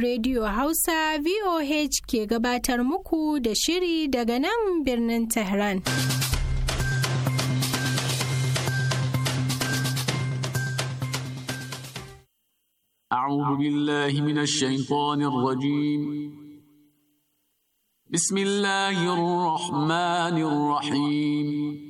Radio Hausa VOH ke gabatar muku da shiri daga nan birnin Tehran. A'udhu billahi min ash-shaytanir rajim. Bismillahirrahmanirrahim. Bismillahirrahmanirrahim.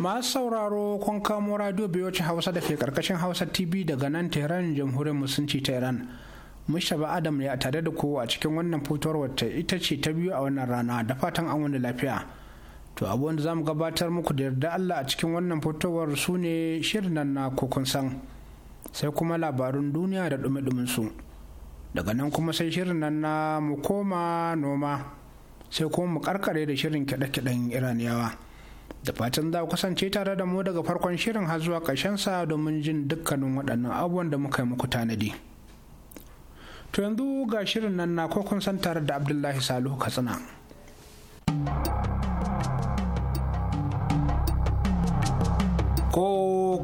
masu sauraro kun kamo radio biyocin hausa da ke karkashin hausa tv daga nan tehran jamhuriyar musulunci ta iran mushaba adam ne a tare da kowa cikin wannan fitowar wata ita ce ta biyu a wannan rana da fatan an wani lafiya to abubuwan da zamu gabatar muku da yarda allah a cikin wannan fitowar su ne shirin nan na kokon san sai kuma labarun duniya da dumi su daga nan kuma sai shirin nan na mu koma noma sai kuma mu karkare da shirin kiɗe-kiɗen iraniyawa da fatan za ku kasance tare da mu daga farkon shirin har zuwa sa domin jin dukkanin waɗannan abubuwan da muka yi muku tanadi to yanzu ga shirin nan na ko kun san tare da abdullahi salihu katsina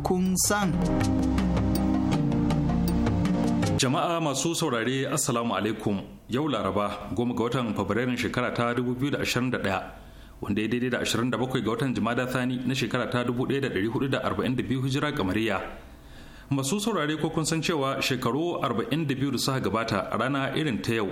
kun san jama'a masu saurare assalamu alaikum yau laraba goma ga watan fabrairun shekara ta 2021 wanda ya daidai da 27 ga watan jimada thani na shekara ta 1442 hijira kamariya masu saurare ko kun san cewa shekaru 42 da suka gabata a rana irin ta yau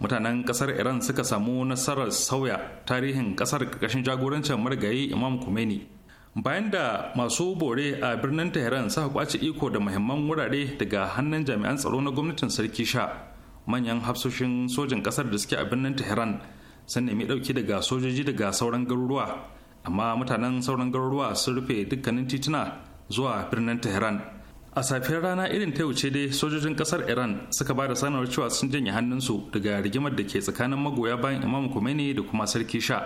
mutanen kasar iran suka samu nasarar sauya tarihin kasar karkashin jagorancin marigayi imam kumeni bayan da masu bore a birnin tehran suka kwace iko da muhimman wurare daga hannun jami'an tsaro na gwamnatin sarki sha manyan hafsoshin sojin kasar da suke a birnin tehran sun nemi ɗauki daga sojoji daga sauran garuruwa amma mutanen sauran garuruwa sun rufe dukkanin tituna zuwa birnin tehran a safiyar rana irin ta wuce dai sojojin kasar iran suka ba da sanarwar cewa sun janye hannunsu daga rigimar da ke tsakanin magoya bayan imam khomeini da kuma sarki sha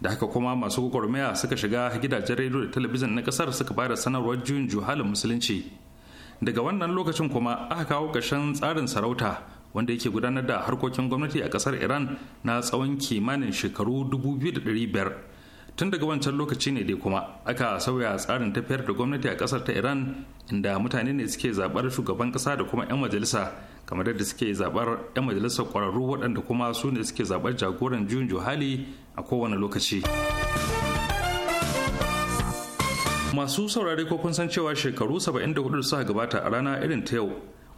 da haka kuma masu gwagwarmaya suka shiga gidajen rediyo da talabijin na kasar suka ba da sanarwar juyin juhalin musulunci daga wannan lokacin kuma aka kawo ƙarshen tsarin sarauta wanda yake gudanar da harkokin gwamnati a kasar iran na tsawon kimanin shekaru 2,500 tun daga wancan lokaci ne dai kuma aka sauya tsarin tafiyar da gwamnati a kasar ta iran inda mutane ne suke zabar shugaban kasa da kuma 'yan majalisa kamar yadda suke zabar 'yan majalisar kwararru waɗanda kuma su ne suke zabar jagoran juyin juhali a kowane lokaci masu saurari ko kun san cewa shekaru 74 suka gabata a rana irin ta yau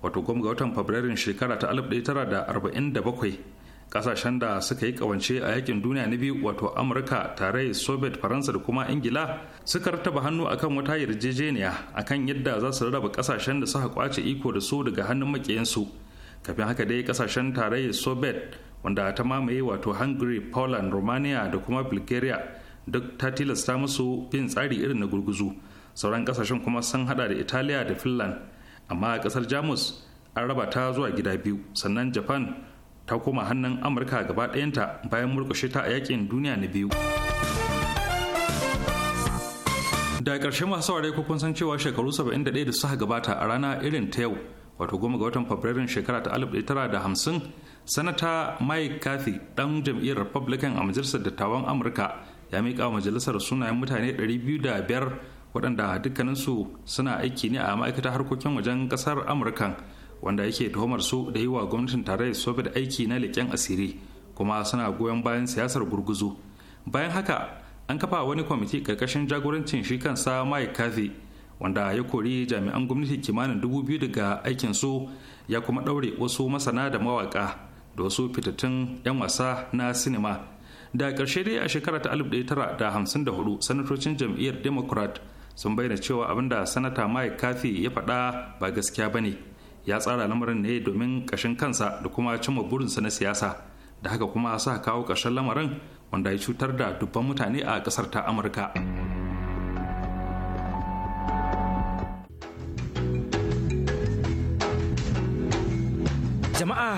wato kuma ga watan fabrairun shekara ta 1947 kasashen da suka yi kawance a yakin duniya na biyu wato amurka tare soviet faransa da kuma ingila suka rataba hannu akan wata yarjejeniya akan yadda za su raba kasashen da suka kwace iko da su daga hannun makiyansu kafin haka dai kasashen tarayyar soviet wanda ta mamaye wato hungary poland romania da kuma bulgaria duk ta tilasta musu bin tsari irin na gurguzu sauran kasashen kuma sun hada da italiya da finland amma a kasar jamus an raba ta zuwa gida biyu sannan japan ta koma hannun amurka gaba ɗayanta bayan murkushe ta a yakin duniya na biyu da ƙarshe masu saurare ko kun san cewa shekaru 71 da suka gabata a rana irin ta yau wato goma ga watan fabrairun shekara ta alif da hamsin sanata mike kathy dan jam'iyyar republican a majalisar dattawan amurka ya miƙa majalisar sunayen mutane 205 waɗanda dukkaninsu suna aiki ne a ma'aikatar harkokin wajen ƙasar Amurka wanda yake tuhumar su da yi wa gwamnatin tarayyar soviet aiki na leƙen asiri kuma suna goyon bayan siyasar gurguzu bayan haka an kafa wani kwamiti ƙarƙashin jagorancin shi kansa mike kathy wanda ya kori jami'an gwamnati kimanin dubu biyu daga aikin su ya kuma ɗaure wasu masana da mawaƙa da wasu fitattun 'yan wasa na sinima da ƙarshe dai a shekara ta hudu sanatocin jam'iyyar democrat sun bayyana cewa abin da sanata mike kafi ya faɗa ba gaskiya ba ne ya tsara lamarin ne domin kashin kansa da kuma cimma burinsa na siyasa da haka kuma sa kawo karshen lamarin wanda ya cutar da dubban mutane a ƙasar ta amurka.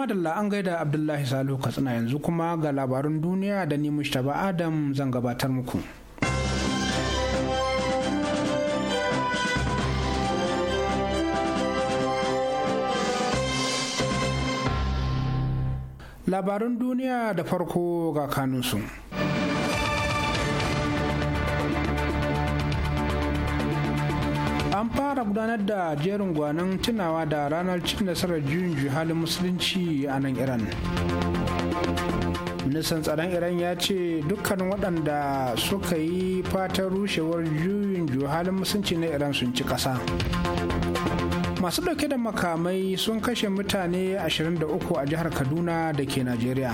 madalla an gaida Abdullahi Salihu Katsina yanzu kuma ga labarun duniya da ni mustaba Adam zan gabatar muku. Labarun duniya da farko ga kanunsu. an fara gudanar da jerin gwanon tunawa da ranar cin nasarar juyin halin musulunci a nan iran ministan tsaron iran ya ce dukkan waɗanda suka yi fatan rushewar juyin halin musulunci na iran sun ci ƙasa masu ɗauke da makamai sun kashe mutane 23 a jihar kaduna da ke najeriya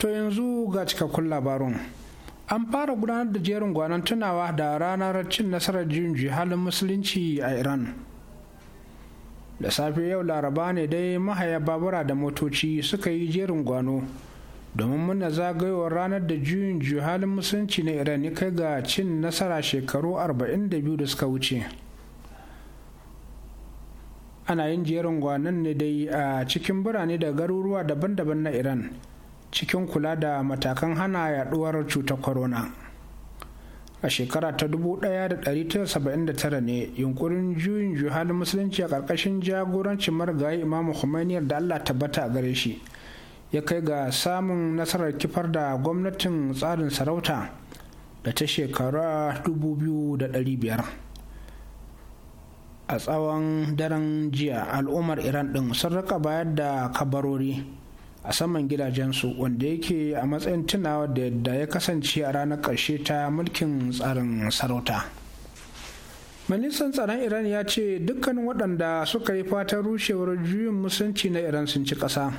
to yanzu ga cikakkun labarun. an fara gudanar da jerin gwanon tunawa da ranar cin nasarar jin halin musulunci a iran da safe yau laraba ne dai mahaya babura da motoci suka yi jerin gwano domin muna zagayowar ranar da juyin halin musulunci na iran ya kai ga cin nasara shekaru 42 da suka wuce ana yin jerin gwanon ne dai a cikin birane da garuruwa daban-daban na iran cikin kula da matakan hana yaduwar cutar corona a shekara ta 1979 ne yunkurin juyin juhalin musulunci a ƙarƙashin jagorancin marigayi imamu khomeini da allah tabbata a gare shi ya kai ga samun nasarar kifar da gwamnatin tsarin sarauta da ta shekara 2500 a tsawon daren jiya al'ummar iran ɗin sun raka bayar da kabarori a saman gidajensu wanda yake a matsayin tunawa da yadda ya kasance a ranar ƙarshe ta mulkin tsarin sarauta ministan tsaron iran ya ce dukkan waɗanda suka yi fatan rushewar juyin musulunci na iran sun ci ƙasa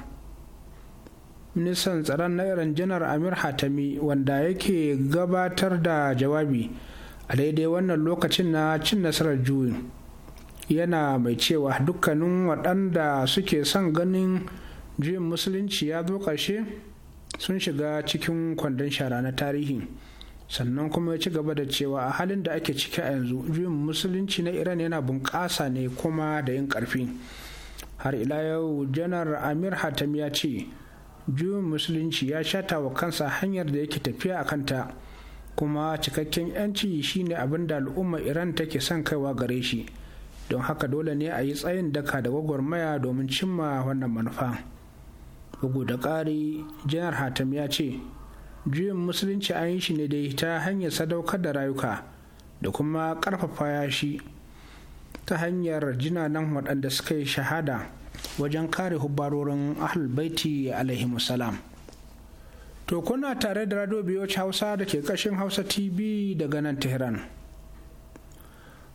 ministan tsaron na iran janar amir hatami wanda yake gabatar da jawabi a daidai wannan lokacin na cin nasarar juyin yana mai cewa dukkanin waɗanda suke son ganin juyin musulunci ya zo ƙarshe sun shiga cikin kwandon shara na tarihi sannan kuma ya ci gaba da cewa a halin da ake ciki a yanzu juyin musulunci na iran yana bunƙasa ne kuma da yin ƙarfi har ila yau janar amir hatam ya ce juyin musulunci ya shata wa kansa hanyar da yake tafiya a kanta kuma cikakken yanci shine abin da al'ummar iran take son kaiwa gare shi don haka dole ne a yi tsayin daka da gwagwarmaya domin cimma wannan manufa. bugu da ƙari janar hatam ya ce juyin musulunci an yi shi ne dai ta hanyar sadaukar da rayuka da kuma ƙarfafa shi ta hanyar jinanan waɗanda suka yi shahada wajen kare hubbarorin ahlulbaiti alaihi musalam to kuna tare da radio biyoci hausa da ke ƙashin hausa tv daga nan tehran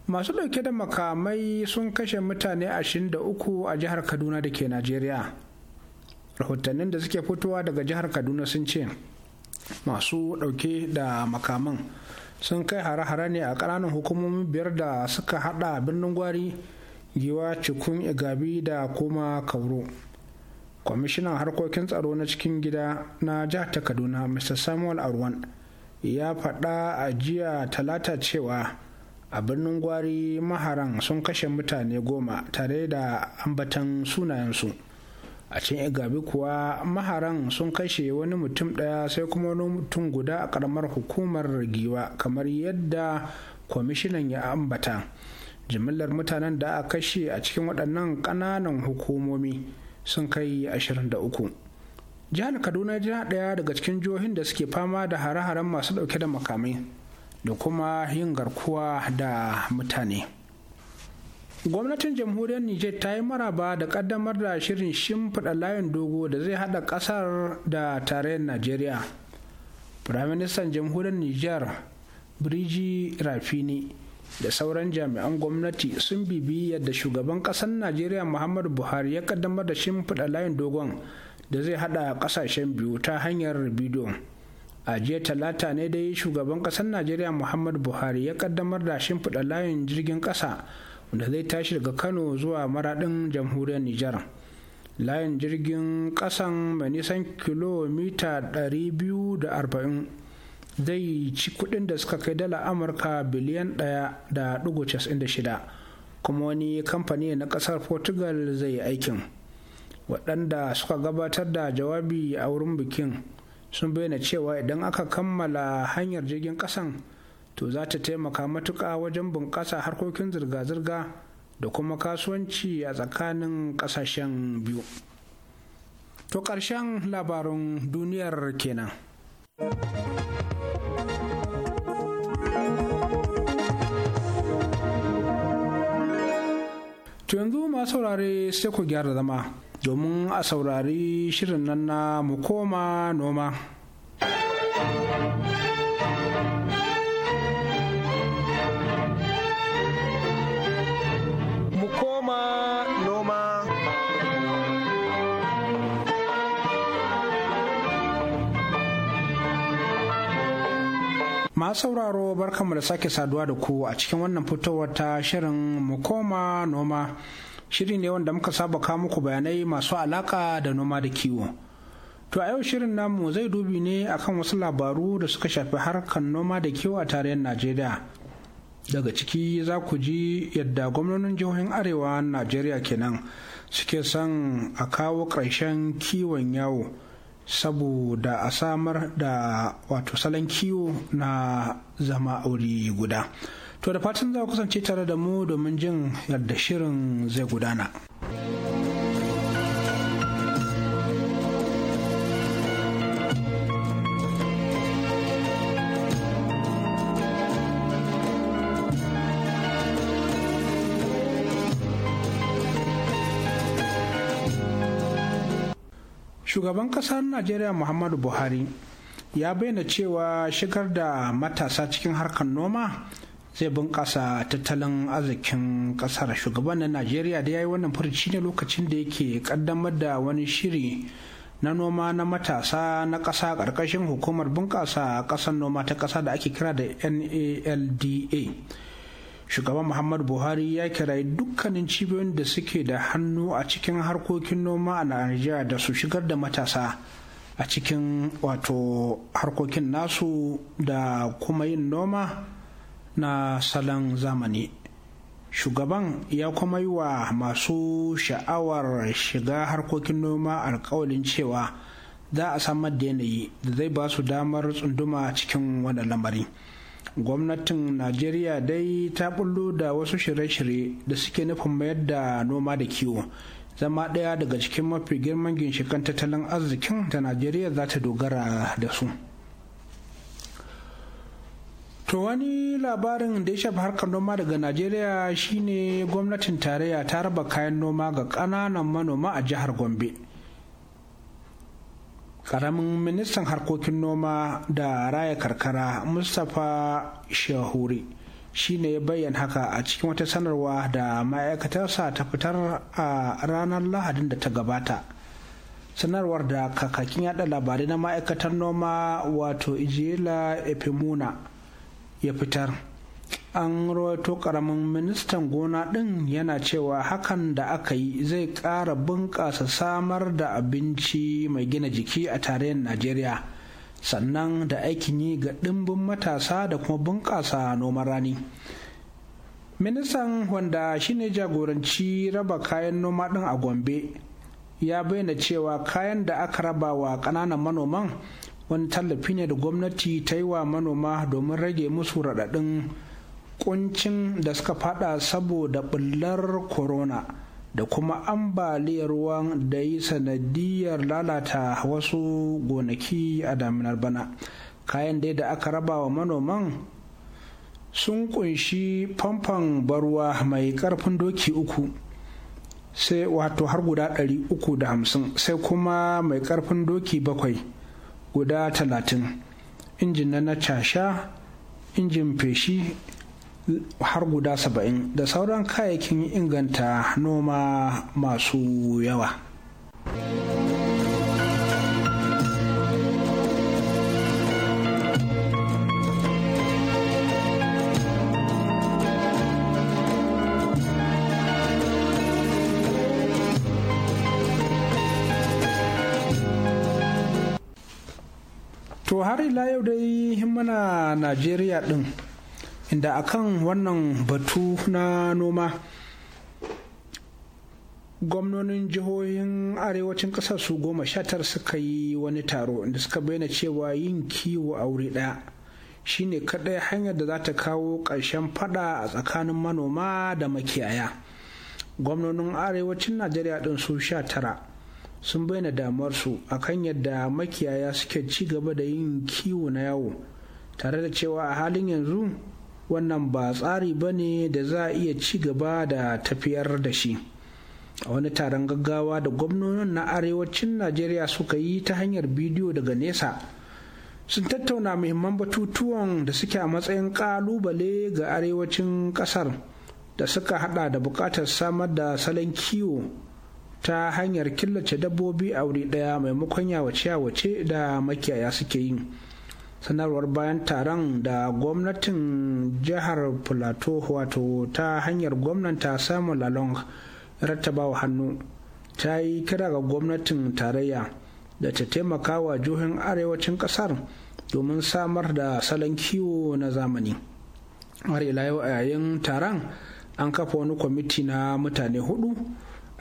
masu ɗauke da makamai sun kashe mutane 23 a jihar kaduna da ke najeriya rahotannin da suke fitowa daga jihar kaduna sun ce masu dauke da makaman sun kai hare-hare ne a ƙananan hukumomin biyar da suka hada birnin gwari giwa cikun igabi da kuma kauro kwamishinan harkokin tsaro na cikin gida na jihar ta kaduna mr samuel arwan ya faɗa a jiya talata cewa a birnin gwari maharan sun kashe mutane goma tare da ambatan sunayensu. a can gabi kuwa maharan sun kashe wani mutum ɗaya sai kuma wani mutum guda a karamar hukumar giwa kamar yadda kwamishinan ya ambata jimillar mutanen da aka kashe a cikin waɗannan ƙananan hukumomi sun kai 23 jihar kaduna jiha ɗaya daga cikin jihohin da suke fama da hare-haren masu ɗauke da makamai da kuma yin garkuwa da mutane. gwamnatin jamhuriyar niger ta yi maraba da kaddamar da shirin shimfiɗa layin dogo da zai hada ƙasar da tarayyar najeriya firaministan jamhuriyar niger birji rafini da sauran jami'an gwamnati sun bibi yadda shugaban ƙasar najeriya muhammadu buhari ya kaddamar da shimfiɗa layin dogon da zai hada ƙasashen biyu ta hanyar bidiyo a jiya talata ne dai shugaban ƙasar najeriya muhammadu buhari ya kaddamar da shimfiɗa layin jirgin ƙasa wanda zai tashi daga kano zuwa maradin jamhuriyar nijar layin jirgin kasan mai nisan kilomita 240 zai ci kudin da suka kai dala amurka biliyan 1.96 kuma wani kamfani na kasar portugal zai aikin waɗanda suka gabatar da jawabi a wurin bikin sun bayyana cewa idan aka kammala hanyar jirgin kasan to za ta taimaka matuƙa wajen bunƙasa harkokin zirga-zirga da kuma kasuwanci a tsakanin ƙasashen biyu to ƙarshen labarin duniyar kenan. To yanzu masu saurare sai ku gyara zama domin a saurari shirin nan na mu koma noma. noma noma masu sauraro barkanmu da sake saduwa da ku a cikin wannan fitowar ta shirin mukoma noma shiri ne wanda muka saba kawo muku bayanai masu alaka da noma da kiwo to a yau shirin namu zai dubi ne akan wasu labaru da suka shafi harkar noma da kiwo a tarayyar najeriya daga ciki za ku ji yadda gwamnonin jihohin arewa najeriya kenan suke son a kawo ƙarshen kiwon yawo saboda a samar da wato salon kiwo na zama aure guda to da fatan za ku kasance tare da mu domin jin yadda shirin zai gudana. shugaban ƙasar najeriya muhammadu buhari ya bayyana cewa shigar da matasa cikin harkar noma zai bunƙasa tattalin arzikin ƙasar shugabannin najeriya da ya yi wannan furci ne lokacin da yake ƙaddamar da wani shiri na noma na matasa na ƙasa ƙarƙashin hukumar bunƙasa ƙasar noma ta ƙasa da ake kira da nalda shugaban muhammadu buhari ya kirayi dukkanin cibiyoyin da suke da hannu a cikin harkokin noma a najeriya da su shigar da matasa a cikin wato harkokin nasu da kuma yin noma na salon zamani shugaban ya kuma yi wa masu sha'awar shiga harkokin noma alkawalin cewa za a samar da yanayi da zai ba su damar tsunduma cikin wannan lamari. gwamnatin najeriya dai ta bullo da wasu shirye-shirye da suke nufin mayar da noma da kiwo zama ɗaya daga cikin mafi girman ginshikan tattalin arzikin da najeriya za ta dogara da su to wani labarin da ya shafi harkar noma daga najeriya shine gwamnatin tarayya ta raba kayan noma ga ƙananan manoma a jihar gombe karamin ministan harkokin noma da raya karkara mustapha shahuri shi ne ya bayyana haka a cikin wata sanarwa da ma'aikatarsa ta fitar a ranar lahadin da ta gabata sanarwar da kakakin yada labarai na ma'aikatar noma wato ijela epimuna ya fitar an rawaito karamin ministan gona ɗin yana cewa hakan da aka yi zai ƙara bunƙasa samar da abinci mai gina jiki a tarayyar najeriya sannan da aikin yi ga ɗimbin matasa da kuma bunƙasa noman rani ministan wanda shine jagoranci raba kayan noma ɗin a gombe ya bayyana cewa kayan da aka raba wa ƙananan manoman wani tallafi ne da gwamnati ta yi wa manoma domin rage musu raɗaɗin kuncin da suka fada saboda bullar corona da kuma ambaliyar ruwan da yi sanadiyar lalata wasu gonaki a daminar bana kayan dai da aka raba wa manoman sun kunshi famfon barwa mai karfin doki uku sai wato har guda ɗari da hamsin sai kuma mai karfin doki bakwai guda talatin injin na na casha injin feshi har guda saba'in da sauran kayayyakin inganta noma masu yawa to har ila yau dai muna najeriya din inda akan wannan batu na noma gwamnonin jihohin arewacin ƙasar su goma sha tara suka yi wani taro inda suka bayyana cewa yin kiwo a wuri ɗaya shine kaɗai hanyar da za ta kawo ƙarshen fada a tsakanin manoma da makiyaya gwamnonin arewacin najeriya ɗin su sha tara sun bayyana su akan yadda makiyaya suke ci gaba da yin kiwo na yawo tare da cewa a halin yanzu wannan ba tsari ba ne da za a iya ci gaba da tafiyar da shi a wani taron gaggawa da gwamnonin na arewacin najeriya suka yi ta hanyar bidiyo daga nesa sun tattauna muhimman batutuwan da suke a matsayin kalubale ga arewacin kasar da suka hada da bukatar samar da salon kiwo ta hanyar killace dabbobi a wuri daya maimakon yawace-yawace da makiyaya suke yin. sanarwar bayan taron da gwamnatin jihar plateau wato ta hanyar gwamnanta samun lalong rattabawa hannu ta yi kira ga gwamnatin tarayya da ta taimaka wa jihohin arewacin kasar domin samar da salon kiwo na zamani har ila yau a yayin taron an kafa wani kwamiti na mutane hudu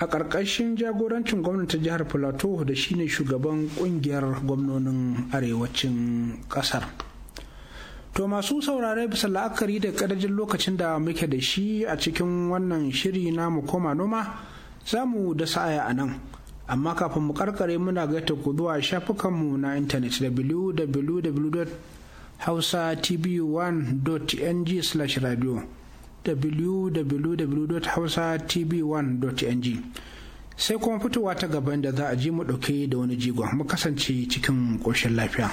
a ƙarƙashin jagorancin gwamnatin jihar plateau da shine shugaban ƙungiyar gwamnonin arewacin ƙasar to masu saurare bisa la'akari da ƙadajin lokacin da muke da shi a cikin wannan shiri na mu koma noma za mu da sa'aya a nan amma kafin mu karkare muna gaita ku zuwa shafukanmu na intanet wwwhausatv 1ng radio www.hausatv1.ng sai kuma fitowa ta gaban da za a ji mu dauke da wani jigo mu kasance cikin ƙoshin lafiya.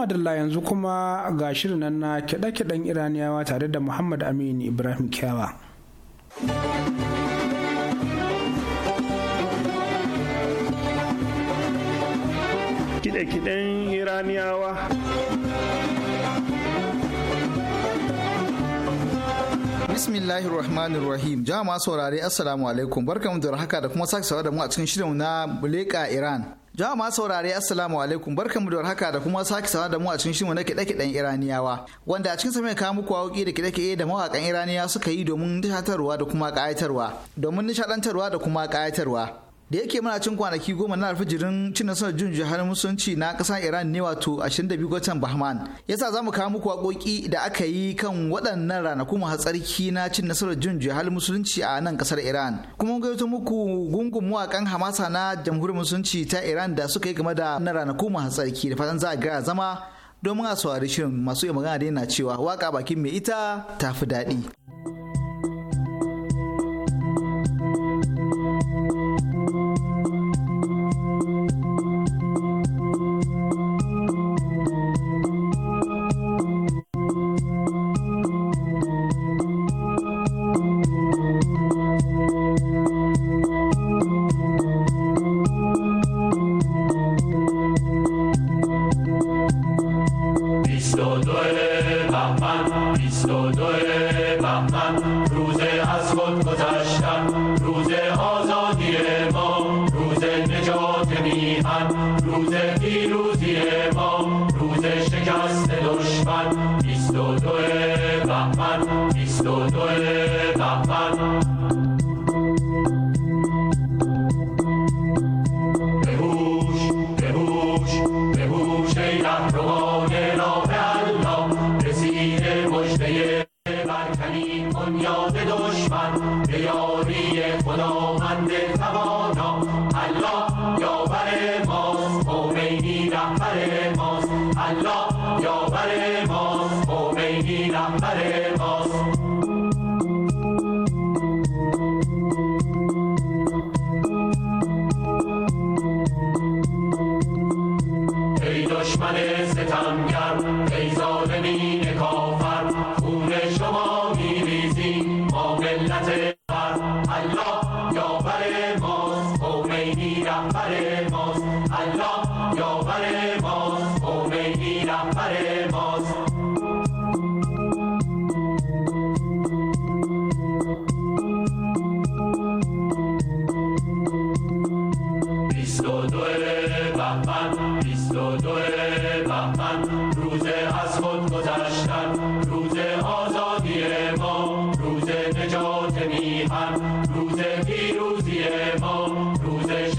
madalla yanzu kuma ga shirin na kiɗe-kiɗen iraniyawa tare da muhammad amin ibrahim kyawa kiɗe-kiɗen iraniyawa bismillahir rahmanir rahim jama'a saurare assalamu alaikum barkamu da haka da kuma sake da mu a cikin shirin na buleka iran Jama'a masu saurare Assalamu alaikum barkanmu da warhaka da kuma sake sawa da mu a cikin shirin na kiɗe-kiɗen Iraniyawa wanda a cikin sa mai kawo muku wauki da kiɗe-kiɗe da mawakan Iraniya suka yi domin nishadantarwa da kuma ƙayatarwa domin nishaɗantarwa da kuma ƙayatarwa. da yake muna cin kwanaki goma na alfijirin cin nasarar jin jihar musulunci na ƙasar iran ne wato 22 watan bahman yasa za mu kawo muku waƙoƙi da aka yi kan waɗannan ranaku masu tsarki na cin nasarar jin jihar musulunci a nan kasar iran kuma mun gaito muku gungun mawaƙan hamasa na jamhuriyar musulunci ta iran da suka yi game da na ranaku masu tsarki da fatan za a gaya zama domin a saurari shirin masu iya magana da yana cewa waka bakin mai ita ta fi daɗi. Obeidina haremos, Allah, yo haremos, Obeidina oh, haremos.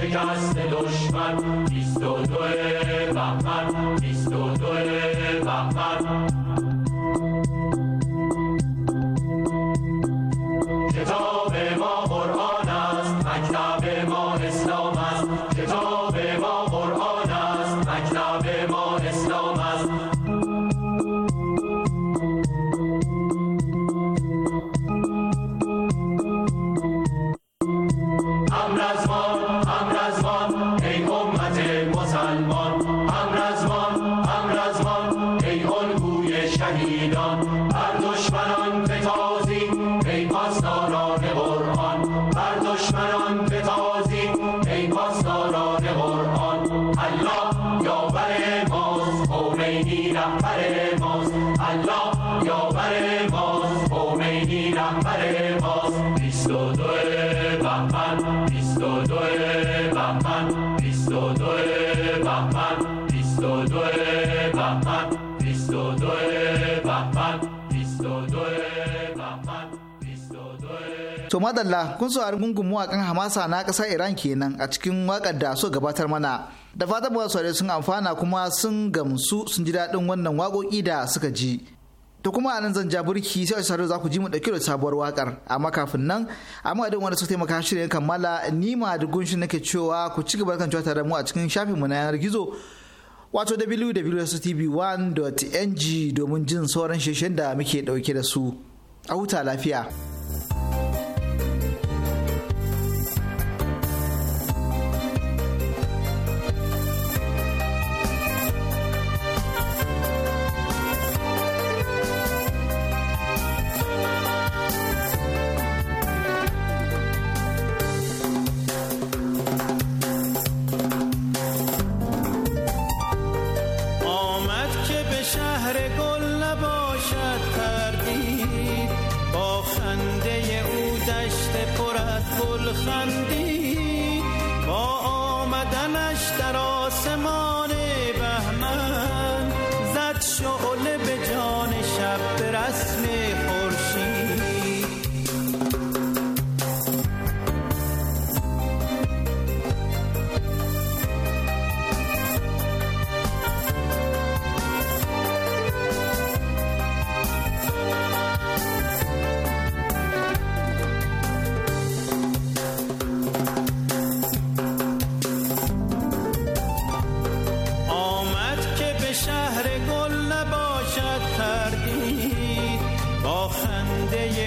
Kasse Duschmann, bist du Dulle, Bachmann, bist du Dulle, vemos. Visto duele To madalla kun saurari gungun mawakan Hamasa na ƙasar Iran kenan a cikin waƙar da suka gabatar mana. Da fatan masu sun amfana kuma sun gamsu sun ji daɗin wannan waƙoƙi da suka ji. To kuma anan zan burki sai a sarar za ku ji mu dauke da sabuwar wakar amma kafin nan amma idan wanda suka taimaka shirin kammala ni ma da gunshin nake cewa ku ci gaba kan cewa tare mu a cikin shafin mu na yanar gizo wato www.tv1.ng domin jin sauran shirye da muke dauke da su a huta lafiya.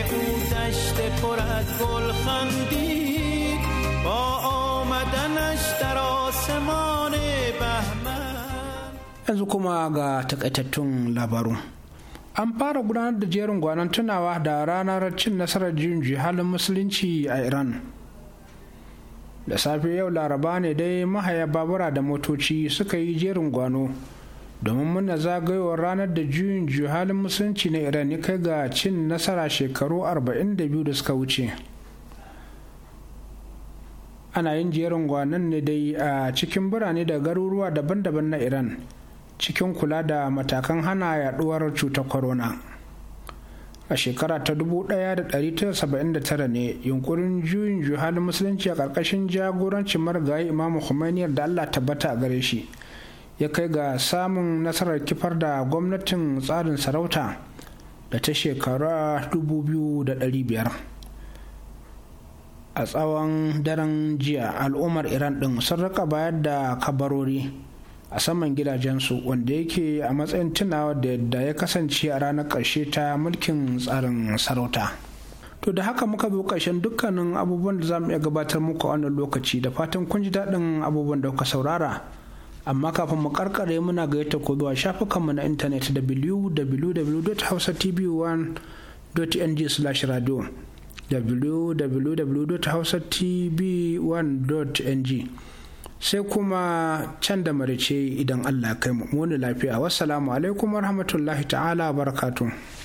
او دشت پر از گل خندید با آمدنش در آسمان بهمن yanzu kuma ga takaitattun labaru an fara gudanar da jerin gwanon tunawa da ranar cin nasarar juyin halin musulunci a iran da safe yau laraba ne dai mahaya babura da motoci suka yi jerin gwano domin muna zagayowar ranar da juyin halin musulunci na iran ya kai ga cin nasara shekaru 42 da suka wuce ana yin jerin gwanan ne dai a cikin birane da garuruwa daban-daban na iran cikin kula da matakan hana yaduwar cutar corona a shekara ta 1979 ne yunkurin juyin juhalin musulunci a ƙarƙashin jagorancin marigayi imamu Khomeini da allah tabbata a gare shi ya kai ga samun nasarar kifar da gwamnatin tsarin sarauta da ta shekara 2,500 a tsawon daren jiya al'ummar iran din sun raka bayar da kabarori a saman gidajensu wanda yake a matsayin tunawa da yadda ya kasance a ranar ƙarshe ta mulkin tsarin sarauta to da haka muka bi ƙarshen dukkanin abubuwan da za mu iya gabatar muku a wannan lokaci da fatan kun ji daɗin abubuwan da kuka saurara amma kafin mu karkare muna gayyata ku zuwa shafukanmu na intanet www.hausatv1.ng/radio www.hausatv1.ng sai kuma can da marice idan Allah kai mu wani lafiya wassalamu alaikum warahmatullahi ta'ala barakatuh